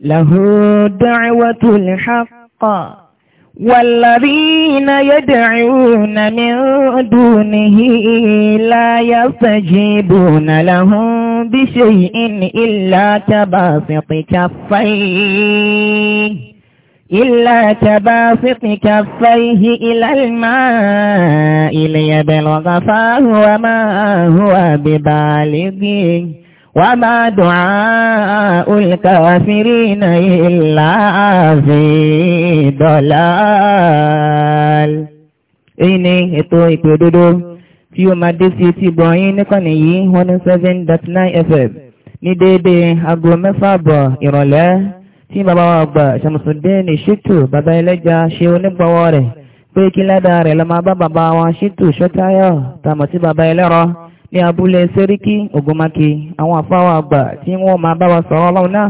له دعوة الحق والذين يدعون من دونه لا يستجيبون لهم بشيء إلا تباسط كفيه إلا تباسط كفيه إلى الماء ليبلغ فاه وما هو ببالغه Wa ma du'a'ul kafirina illa fi dalal. Èyí ni ètò ìpè òdodo tí ó máa dé sí etí gbọ̀nyìn níkànnì yìí 107.9 FM ní déédéé aago mẹ́fà bọ̀ ìrọ̀lẹ́ tí bàbá wa gbà Ṣàmùsùdíìnì Ṣítù bàbá ẹlẹ́jà ṣe onígbọ̀wọ́ rẹ̀ pé kí lẹ́dà rẹ̀ lọ máa wa Ṣítù Ṣọ́táyọ̀ tàmọ̀ sí bàbá ẹlẹ́rọ ní abúlé sẹ́ríkí ogunmáke àwọn àfáwà àgbà tí wọ́n máa bá wa sọ̀rọ̀ ọlọ́run náà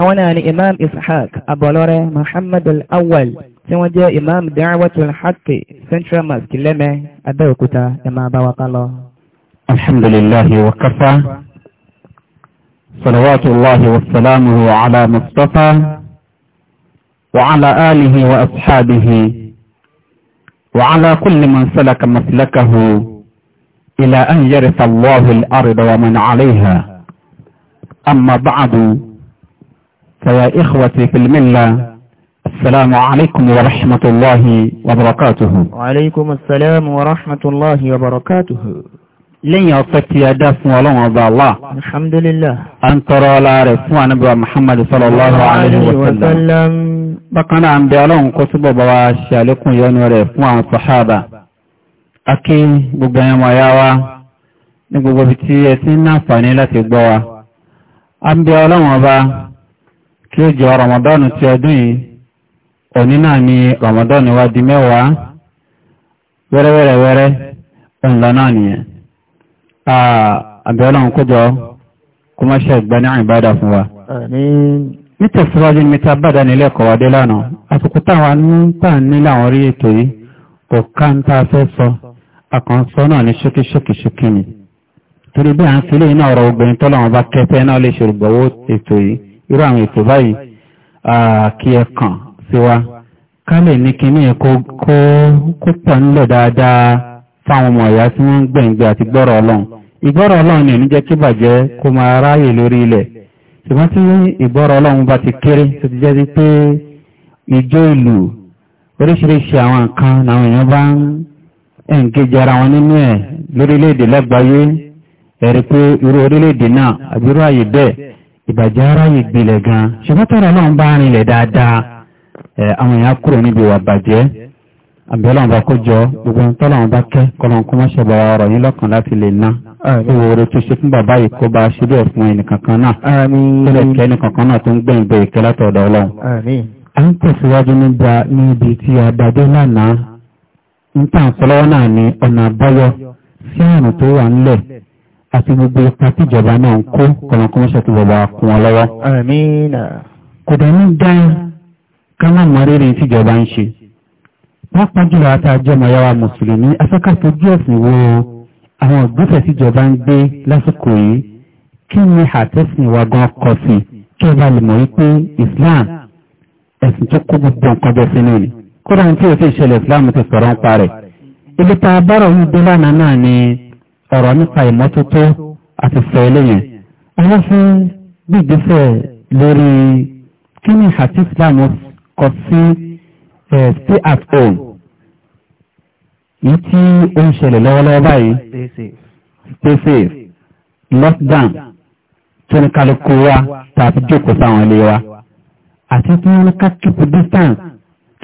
àwọn náà ni imam ishaq abọ̀lọ́rẹ́ muhammad al-awwal tí wọ́n jẹ́ imam da'watul haqqi central mosque lẹ́mẹ́ abẹ́òkúta ẹ máa bá wa ká lọ. alhamdulillahi wa kafa salawatullahi الى ان يرث الله الارض ومن عليها اما بعد فيا اخوتي في الملة السلام عليكم ورحمة الله وبركاته وعليكم السلام ورحمة الله وبركاته لن يصف يا دف ولن وضع الله الحمد لله ان ترى العرف ونبي محمد صلى الله عليه وسلم بقنا عن بيالون قصب بواشا لكم ينوري فوان صحابة akin gbogbo ẹ̀yàn yá wa ní gbogbo bí tí ẹ ti ń láti gbọ́ wa a ń bẹ ọlọ́wọ̀n ọba kí ó jọ Ramadan ti ọdún yìí òní náà ni Ramadan wa di mẹ́wàá wẹ́rẹ́wẹ́rẹ́wẹ́rẹ́ ọ̀nlọ náà nìyẹn a bẹ kójọ kó má ṣe ẹ̀gbẹ́ ní fún wa ní tẹ̀síwájú sọ àkànṣọ́ náà ní ṣókíṣókíṣókí ni torí bí à ń filé iná ọ̀rọ̀ obìnrin tọ́lọ́wọ́n bá kẹfẹ́ náà lè ṣèrùgbọ́wọ́ ètò yìí irú àwọn ètò báyìí kí ẹ kàn sí wa ká lè ní kíní ẹ kó pọ̀ nílẹ̀ dáadáa fáwọn ọmọ ìyá tí wọ́n ń gbẹ̀ǹgbẹ̀ àti gbọ́rọ̀ ọlọ́run ìgbọ́rọ̀ ọlọ́run ni ẹni jẹ́ kí bàjẹ́ kó máa ráyè lórí ilẹ̀ ṣùgbọ́n tí ìgbọ́rọ̀ ọlọ́run bá ti kéré tó ti jẹ́ pé ìjó ìlú oríṣiríṣi àwọn nǹkan làwọn èèyàn bá ń ẹ̀ǹkejì ara wọn nínú ẹ̀ lórílẹ̀-èdè lágbàáyé ẹ̀rí pé irú orílẹ̀-èdè náà àbírú àyè bẹ́ẹ̀ ìbàjẹ́ aráyè gbilẹ̀ gan ṣùgbọ́tọ̀rọ̀ náà ń bá rìn lẹ̀ dáadáa àwọn èèyàn kúrò níbi ìwà bàjẹ́ àbẹ́lọ́n kójọ gbogbo tọ́lọ́n kẹ́ kọ́lọ́n ọ̀rọ̀ yín lọ́kàn níta àpọlọ́wọ́ náà ni ọ̀nà àbáyọ sí àrùn tó wà ńlẹ̀ àti gbogbo ipa tíjọba náà ń kó kọ̀mọ̀kọ́mọ́sọ̀ tó bọ̀bọ̀ kún wọn lọ́wọ́. kò dẹ̀ ní dá ká má mọ rírì tíjọba ń ṣe pápá jùlọ àti àjọmọ̀ yàrá mùsùlùmí afẹ́kàfojú ẹ̀sìn wo àwọn ògbésẹ̀ tíjọba ń gbé lásìkò yìí kí ni àtẹ̀sìn wa gan kọ sí kí ẹ bá lè mọ̀ wípé Islam ẹ̀sìn tó kó gbogbo nǹkan bẹ́ẹ̀ sínú ni kódà tí ó sì ṣẹlẹ̀ islam ti sọ̀rọ̀ ń parẹ̀ ibi tá a bọ́rọ̀ ń dé lánàá náà ni ọ̀rọ̀ nípa ìmọ́tótó àti sọ eléyìn àwọn fún gbígbésẹ̀ lórí kí ni àti islam kọ sí stay at home yìí tí ó ń ṣẹlẹ̀ lọ́wọ́lọ́wọ́ báyìí stay safe lockdown tó ní kálukú wa tàbí jókòó sáwọn ilé wa àti tí wọ́n ká keep distance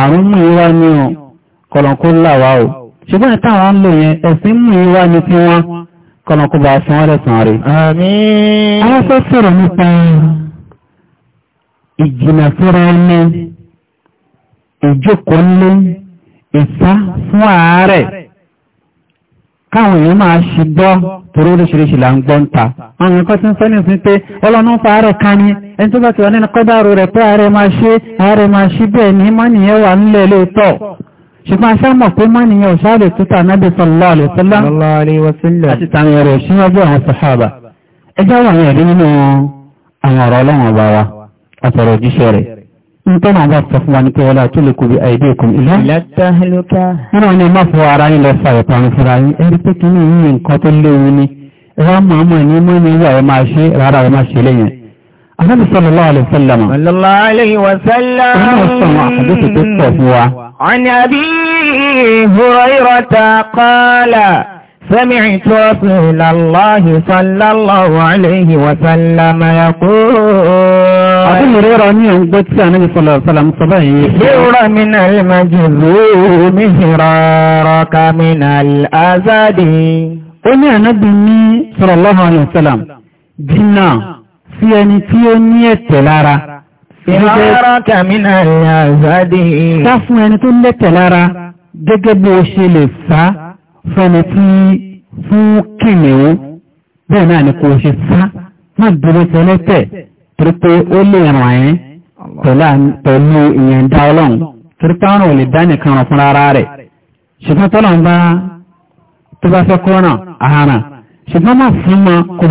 àrùn mú ìwá ní ọ̀ kọ̀lọ̀kó láwá ò ṣùgbọ́n ìtàwọn ń lò yẹn ẹ̀sìn mú ìwá ní tí wọ́n kọ̀lọ̀kó bá fún ọ́rẹ̀ sàn rí. àmín. àwọn fẹ́ káwọn èèyàn máa ṣe gbọ́ torí oríṣiríṣi là ń gbọ́ ń ta àwọn nǹkan tí ń fẹ́ nìsín pé ọlọ́run fa ààrẹ kan ní ẹni tó bá ti wà nínú kọ́dárò rẹ̀ pé ààrẹ máa ṣe ààrẹ máa ṣe bẹ́ẹ̀ ní mọ́nìyàn wà nílẹ̀ lóòótọ́ ṣùgbọ́n aṣá mọ̀ pé mọ́nìyàn ọ̀ṣáàlẹ̀ tútà nábì sallallahu alaihi wasallam nítorí àwọn ọ̀sẹ̀ fún wa ní pé wọlé àtúlẹ̀ kò bí àìdí ìkùn ilé. ìlàtàlùkà. nínú àwọn ẹ̀mọ́ fún ara yín lọ sàrẹ̀ pàmì fúnra yín ẹni pé kí ní ìyìn nǹkan tó léwu ni ẹ̀rọ mọ̀ọ́mọ̀ ní mọ́ ní ìwà ẹ̀ máa ṣe rárá ẹ̀ máa ṣe lẹ́yìn. anábì sallallahu alaihi wasallam. sallallahu alaihi wasallam. ọ̀nà ọ̀sán سمعت رسول الله صلى الله عليه وسلم يقول أبو هريرة صلى الله عليه وسلم من المجذوم فرارك من الأزاد أمي النبي صلى الله عليه وسلم جنا في أن تيوني التلارة فرارك من الأزاد كفو أن تلارة gẹ́gẹ́ bí fẹ́ni tí fún kìnìún bẹ́ẹ̀ náà ni kò ṣe sá má dúró tẹ́lẹ́tẹ̀ torí pé ó lè ràn ẹ́ pẹ̀lú ìyẹ̀ǹda ọlọ́run torí pé àrùn ò lè dá nìkan ràn fúnra ara rẹ̀ ṣùgbọ́n tọ́lọ̀ ń bá tó bá fẹ́ kọ́nà àárán ṣùgbọ́n má fún mọ́ kó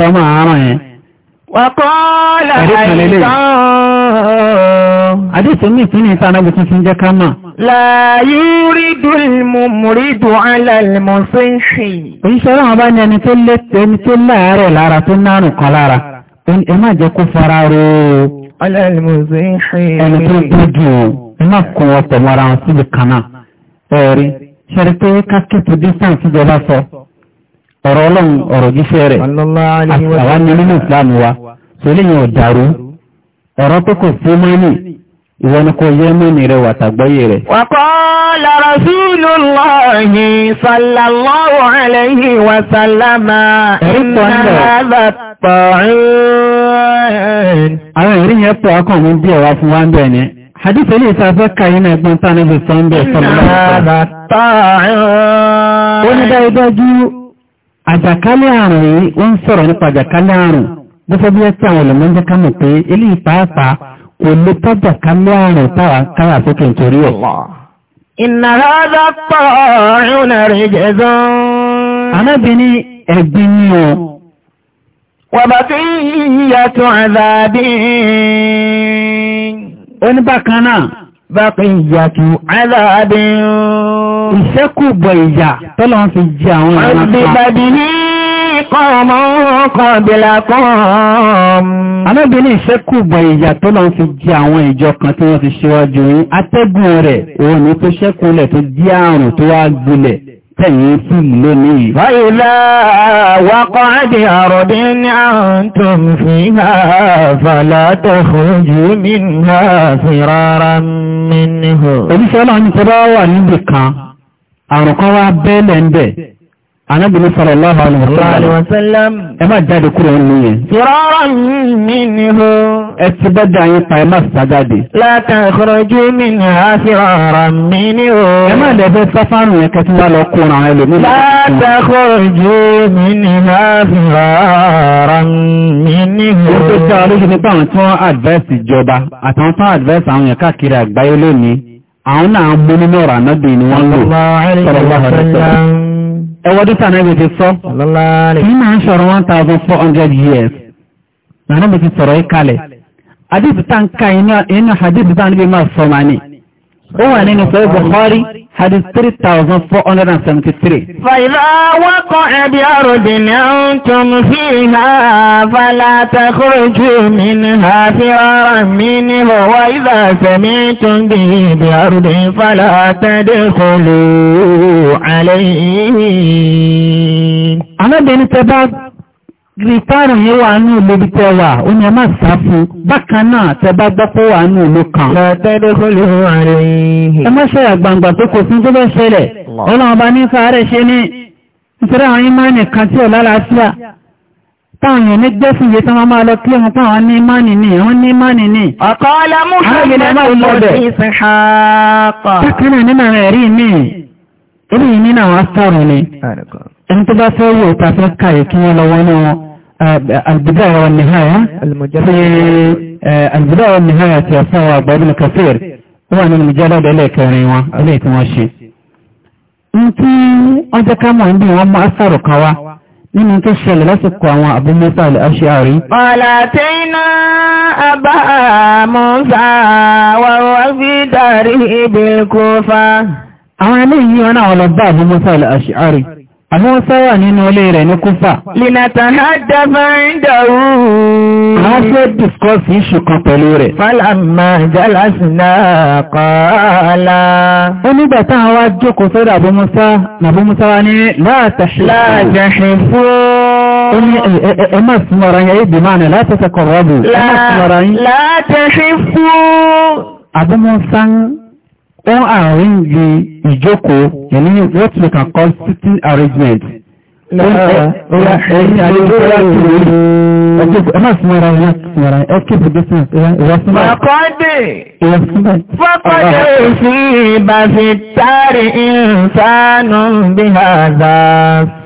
Àdéṣọ́ mi ìpínlẹ̀ ìta anábì tuntun jẹ́ ká máa. Láàyú rí dùlmù múrí dùn alàlmọ̀ sí ń ṣe. Oníṣẹ́ ọlọ́run bá ní ẹni tó lé ẹni tó láàárẹ̀ lára tó nárùn kan lára. Ẹ má jẹ́ kó fara ro. Alàlmọ̀ sí Ẹni tó dúdú ọ̀rọ̀ tó fún mọ́nì ìwọ́n yẹ mọ́nì rẹ̀ wàtàgbọ́yé rẹ̀. wa qala rasulullahi sallallahu alayhi wa sallama inna hadha ta'in. àwọn ìrìn yẹn pọ̀ àjàkálẹ̀ àrùn yìí wọ́n sọ̀rọ̀ nípa àjàkálẹ̀ àrùn mo fẹ́ bí ẹ sí àwọn ọ̀lọ́mọ ń jẹ́ ká mọ̀ pé eléyìí pàápàá kò lè tọ́jà ká lọ́ àrùn táwa kára sókè nítorí ẹ̀. ìnàrà ọ̀dọ́ pọ̀ ọ̀rùn rẹ̀ jẹ́ zán. arábìnrin ẹ̀gbin ni o. ìṣẹ́kù bọ̀ ìyà tọ́lọ́ fi jẹ àwọn ọ̀rọ̀ kan kọ́ọ̀mọ́ kọ̀bìlàkùn. Anábìnrin ìṣẹ́kù bọ̀ ìyà tó lọ fi jẹ àwọn ìjọ kan tí wọ́n ti ṣíwájú yìí, atẹ́gùn rẹ̀ òun ni tó ṣẹ́kùnlẹ̀ tó jí àrùn tó wá gbilẹ̀ tẹ̀yìn fíìmù lónìí. ní àwọn tó ń fi anábìnrin sọ̀rọ̀ lọ́wọ́ alùwàsálàm ẹ máa jáde kúrò nínú yẹn. fìrọ́rọ̀ mi ni ho. ẹ ti bẹ́dẹ̀ àyín pa ẹ máa sá jáde. látàn ìkọrọjú mi ni a fìrọ̀rọ̀ mi ni ho. ẹ máa dẹ̀fẹ́ sáfárùn yẹn kẹtí wá lọ kóra àwọn ẹlòmíràn. látàn ìkọrọjú mi ni a fìrọ̀rọ̀ mi ni ho. ó tó tẹ́ tí wọ́n advice ìjọba ẹwọ́ dúta náà ti sọ kìí máa ń sọ̀rọ̀ one thousand four hundred years nàánà mi ti sọ̀rọ̀ yìí kalẹ̀ hadith tá ń ka inú hadith tá ń bí máa sọ máa ní ó wà nínú sọ Bukhari hadith 3473. fàìlà wọ́kọ̀ ẹbí àròdì ní ń sí ìhà fàlà mi ní àfi ọ̀rọ̀ mi ní bọ̀wọ́ ìlà tún bí ibi àròdì fàlà tẹ́dẹ̀ kọlù àlẹ́ rìpáàrùn yìí wà ní ìlú bí tẹ́ wà ó ní ẹmà sáfú bákan náà tẹ́ bá gbọ́pọ̀ wà ní ìlú kan ẹmà ṣẹ̀yà gbangba tó kò fún tó bẹ́ ṣẹlẹ̀ ọlọ́run bá ní fàárẹ̀ ní àwọn ìmáàni kan tí ò lálàáfíà táwọn gbẹ́sùn yìí tán máa lọ kílẹ̀ wọn táwọn ní ìmáàni ní àwọn ẹni tó bá fẹ́ wò ta fẹ́ káyè kí wọ́n lọ wọnú albidaya wa nihaya fi albidaya wa nihaya ti afawa agbábin kafir wà nínú mujallada ẹlẹ́ẹ̀kẹrin wọn ilé tí wọ́n ṣe ní tí wọ́n jẹ́ ká mọ̀ níbi wọn mú asàrò kan wá nínú tó ṣẹlẹ̀ lásìkò àwọn Abu Musa al àwọn eléyìí wọn náà lọ bá Abu Musa al Àmú sáwà nínú ilé rẹ̀ ní Kúfà. Lìnàtà náà dábà ń dàrú. A fẹ́ dìskọ́sì ìṣù kan pẹ̀lú rẹ̀. Fálàmà jálásì náà kọ́ọ̀lá. Ó nígbà táà wá jókòó sọ́dọ̀ àbúmúsá, nàbúmúsá wá ní láàtàṣì. Láàtàṣì fún. ما اسمه the ijoko, you yẹni what we can call sitting arrangement Fọ́kọ́dé sí ìbàfi tàrí ìsànù bí àzà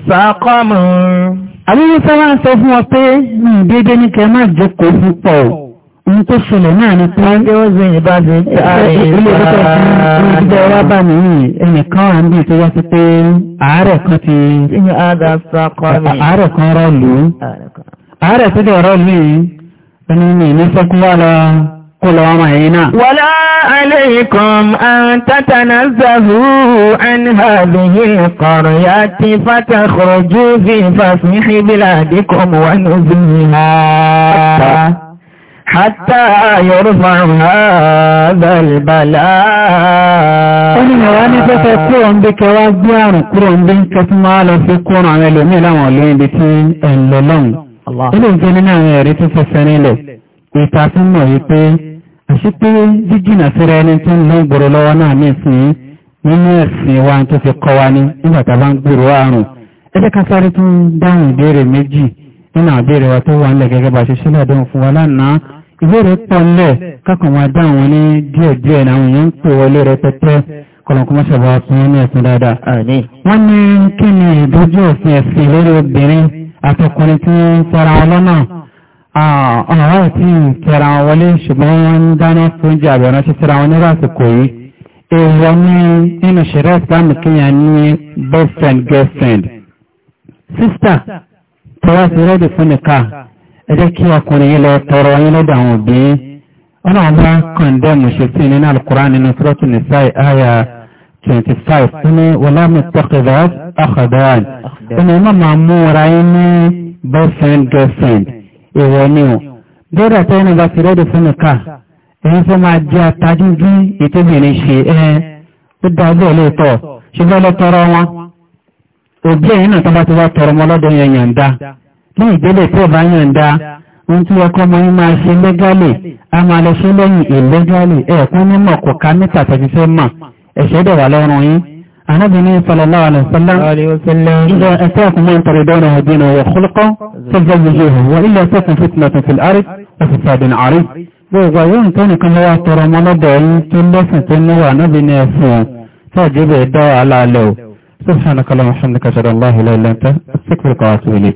sọ́kọ́mù. Àbúrú sọ́wọ́n sọ fún ọ pé ní ìdédé ní kẹ máa jókòó fún pọ̀ ní tó ṣẹlẹ̀ náà ni pé ẹgbẹ́wọ́sẹ̀ ìbáṣe ilé ọwọ́ bá ní ẹnìkan wà níbi tó wá sí pé àárẹ̀ kan ti àárẹ̀ kan rọ́ọ̀lú àárẹ̀ tó dẹ̀ rọ́ọ̀lú yìí ẹni ní ní sọ́kúnwà lọ kó lọ hátà yorùbá àbẹ̀lẹ̀bàlá. ó ní ìwà ní pẹ́fẹ́ kúrò ń bí kẹwa gbé àrùn kúrò ń bí ń kẹ fún máa lọ sí kúrò àwọn ẹlòmí láwọn olóyìn ibi tí ẹ̀n lọ lọ́hùn. ilé ìjẹ́ nínú àwọn ẹ̀rí tó fẹsẹ̀ nílẹ̀ ìta tó mọ̀ wípé àṣípé jíjìnà síra ẹni tó ń lọ gbòrò lọ́wọ́ náà ní ìsìn nínú ẹ̀sìn wa tó fi kọ́ wa ní nígbà tá a bá ń gbèrò àrùn ẹjẹ́ ká sáré tún dáhùn ìbéèrè méjì nínú àbẹ̀rẹ̀ wa tó wà nílẹ̀ gẹ́gẹ́ bá ṣe sílẹ̀ dán fún wa lánàá ìbéèrè pọ̀ ńlẹ̀ kákan wá dá àwọn ní díẹ̀díẹ̀ náà èèyàn ń pè wọlé rẹpẹtẹ kọlọ̀kọ́mọ́ ṣàbọ̀ fún ní ẹ̀sùn dáadáa. wọ́n ní kí ni ìdójú òfin ẹ̀sìn lórí obìnrin àtọkùnrin tí ń tẹra wọn lọ́nà ọ̀rọ̀ tí ń tẹra wọn wọlé ṣùgbọ́n wọ́n ń dáná fún oúnjẹ àbẹ̀rẹ̀ ṣe girlfriend. sister tọ́wọ́ sí ẹ jẹ́ kí ọkùnrin yìí lọ tọrọ yín lọ́dọ̀ àwọn òbí ọlọ́run bá kọ̀ǹdẹ́mù ṣe sí nínú al nínú sọ́tún nìsáì àyà 25 tó ní wọlá mùtọ́kẹ̀dá àkàdáàn ọmọ ọmọ máa mú ra yín ní boyfriend girlfriend ìwọ ni o bẹ́ẹ̀rẹ̀ tó yẹn bá ti rẹ́dì fún nìka èyí tó máa jẹ́ àtàdúgbí ìtòbìnrin ṣe ẹ́ ó dá ní ìgbẹ́lẹ̀ tó bá yàn dá ohun tí ọkọ̀ ọmọ yín máa ṣe lẹ́gálì a máa lọ ṣe lẹ́yìn ìlẹ́gálì ẹ̀ẹ̀kún mímọ̀ kò ká mítà tẹ̀bí fẹ́ mọ̀ ẹ̀ṣẹ́ dẹ̀ wà lọ́rùn yín anábìnrin sallallahu alaihi wasallam ìjọ ẹ̀fẹ́ ọkùnrin tọrọ ìdánwò ọdínà wọ kọlọkọ tọ́jọ́ gbogbo wọ ilẹ̀ ẹ̀fẹ́kùn fitnatan fil arif ọ̀fẹ́fẹ́dùn arif gbogbo yóò ń tẹ́nì kan lọ́wọ́ tọrọ ọmọlọ́dọ̀ yín tó lẹ́sìn tó níwà anábìnrin ẹ̀fún tọ́jú bẹ̀ẹ́ dọ́ alálẹ̀ o subhanakallahumma wa bihamdika ashhadu an la ilaha illa anta astaghfiruka wa atubu ilayk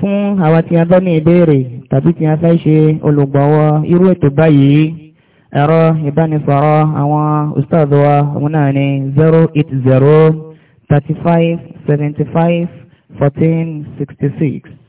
fún àwa tí a bá ní ìbéèrè tàbí tí a fẹ́ ṣe olùgbọ̀wọ́ irú ètò báyìí ẹ̀rọ ìbánisọ̀rọ̀ àwọn ustaz òun náà ni 080 35 75 14 66